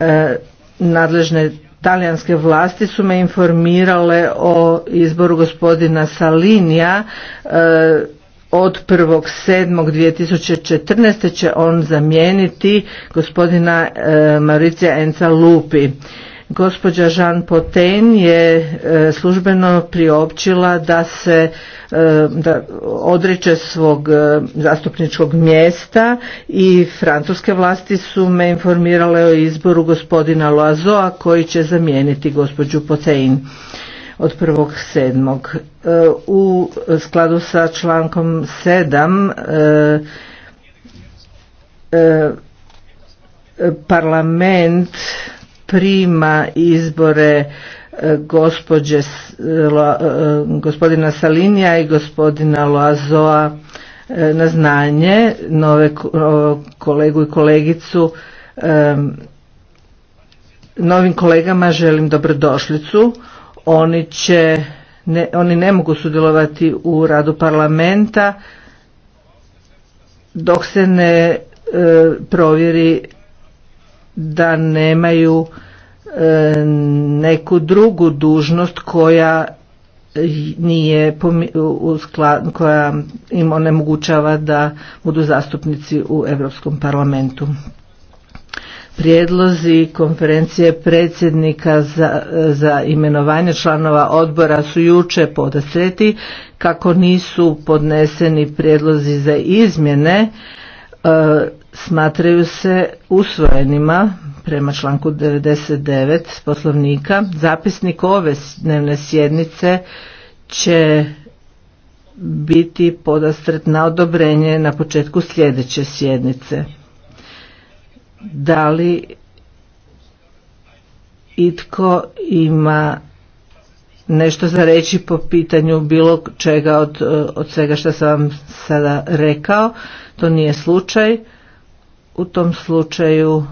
E, nadležne talijanske vlasti su me informirale o izboru gospodina Salinija e, od 1.7.2014. će on zamijeniti gospodina e, Mauricija Enca Lupi. Gospođa Jean Poten je e, službeno priopćila da se e, da odriče svog e, zastupničkog mjesta i francuske vlasti su me informirale o izboru gospodina Loazoa koji će zamijeniti gospođu Potein od 1.7. U skladu sa člankom sedam parlament prima izbore e, gospođe, e, gospodina Salinija i gospodina Loazoa e, na znanje, nove kolegu i kolegicu novim kolegama želim dobrodošlicu. Oni će, ne, oni ne mogu sudjelovati u radu parlamenta dok se ne provjeri da nemaju e, neku drugu dužnost koja nije koja im onemogućava da budu zastupnici u Europskom parlamentu. Prijedlozi konferencije predsjednika za, za imenovanje članova odbora su juče podasreti kako nisu podneseni prijedlozi za izmjene e, smatraju se usvojenima prema članku 99 poslovnika. Zapisnik ove dnevne sjednice će biti podastret na odobrenje na početku sljedeće sjednice. Da li itko ima nešto za reći po pitanju bilo čega od, od svega što sam vam sada rekao. To nije slučaj. U tom slučaju